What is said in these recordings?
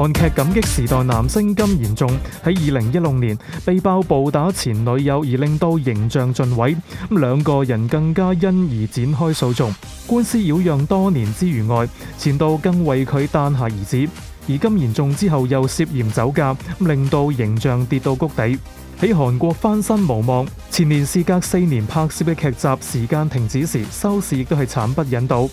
韓劇《感激時代男嚴》男星金賢重喺二零一六年被爆暴打前女友，而令到形象盡毀。咁兩個人更加因而展開訴訟，官司擾攘多年之餘外，前度更為佢誕下兒子。而金延仲之後又涉嫌酒駕，令到形象跌到谷底。喺韓國翻身無望，前年事隔四年拍攝嘅劇集時間停止時，收視亦都係慘不忍睹。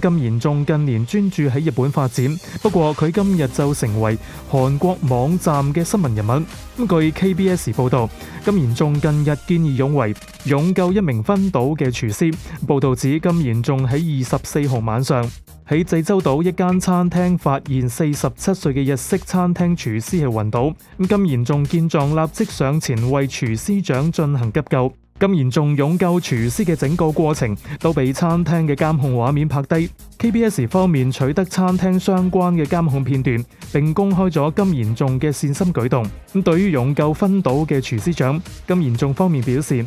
金延仲近年專注喺日本發展，不過佢今日就成為韓國網站嘅新聞人物。咁據 KBS 報導，金延仲近日見義勇為，勇救一名昏倒嘅廚師。報導指金延仲喺二十四號晚上，喺濟州島一間餐廳發現四十七歲嘅日式餐廳廚師係暈倒，咁金賢重見狀立即上前為廚師長進行急救。金賢重勇救廚師嘅整個過程都被餐廳嘅監控畫面拍低。KBS 方面取得餐廳相關嘅監控片段，並公開咗金賢重嘅善心舉動。咁對於勇救昏倒嘅廚師長，金賢重方面表示。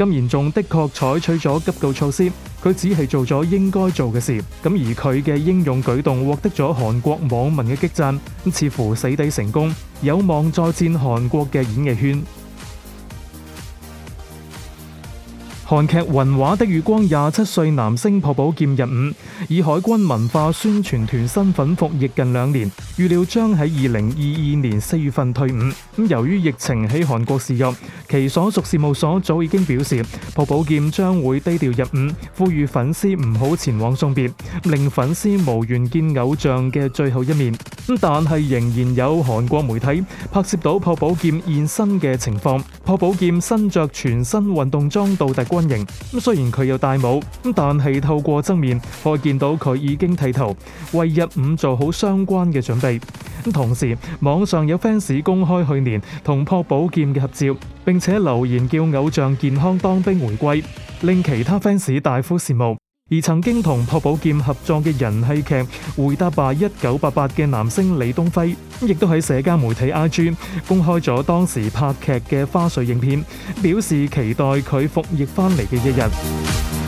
咁嚴仲的確採取咗急救措施，佢只係做咗應該做嘅事。咁而佢嘅英勇舉動獲得咗韓國網民嘅激讚，似乎死地成功，有望再戰韓國嘅演藝圈。韓劇《雲畫的月光》廿七歲男星朴寶劍入伍，以海軍文化宣傳團身份服役近兩年，預料將喺二零二二年四月份退伍。咁由於疫情喺韓國肆虐，其所屬事務所早已經表示朴寶劍將會低調入伍，呼籲粉絲唔好前往送別，令粉絲無緣見偶像嘅最後一面。但係仍然有韓國媒體拍攝到朴寶劍現身嘅情況。朴寶劍身着全新運動裝到達身形雖然佢有戴帽，但係透過側面可以見到佢已經剃頭，為入伍做好相關嘅準備。同時網上有 fans 公開去年同朴寶劍嘅合照，並且留言叫偶像健康當兵回歸，令其他 fans 大呼羨慕。而曾經同朴寶劍合作嘅人氣劇《回答吧一九八八》嘅男星李東輝，亦都喺社交媒體 IG 公開咗當時拍劇嘅花絮影片，表示期待佢服役翻嚟嘅一日。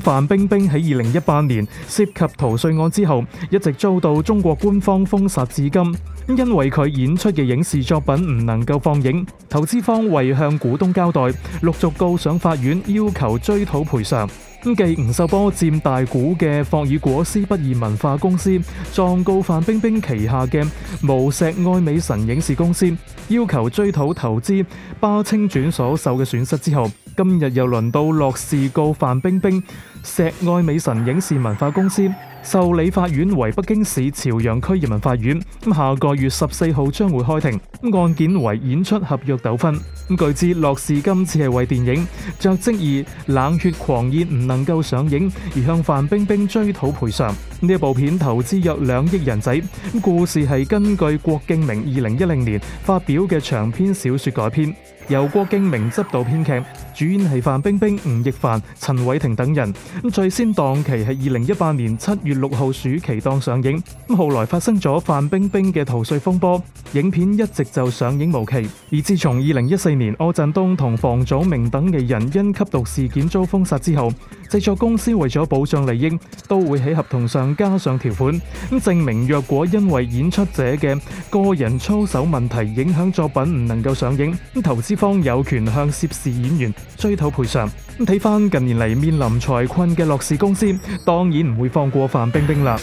范冰冰喺二零一八年涉及逃稅案之後，一直遭到中國官方封殺至今。因為佢演出嘅影視作品唔能夠放映，投資方為向股東交代，陸續告上法院要求追討賠償。咁，繼吳秀波佔大股嘅霍爾果斯不二文化公司狀告范冰冰旗下嘅無錫愛美神影視公司，要求追討投資《巴清傳》所受嘅損失之後。今日又輪到樂視告范冰冰。石愛美神影視文化公司受理法院為北京市朝陽區人民法院，咁下個月十四號將會開庭。案件為演出合約糾紛。據知，樂視今次係為電影《爵跡冷血狂宴》唔能夠上映而向范冰冰追討賠償。呢一部片投資約兩億人仔，故事係根據郭敬明二零一零年發表嘅長篇小說改編，由郭敬明執導編劇，主演係范冰冰、吳亦凡、陳偉霆等人。咁最先檔期係二零一八年七月六號暑期檔上映，咁後來發生咗范冰冰嘅逃稅風波，影片一直就上映無期。而自從二零一四年柯震東同房祖名等藝人因吸毒事件遭封殺之後，製作公司為咗保障利益，都會喺合同上加上條款，咁證明若果因為演出者嘅個人操守問題影響作品唔能夠上映，咁投資方有權向涉事演員追討賠償。睇翻近年嚟面臨財困嘅樂視公司，當然唔會放過范冰冰啦。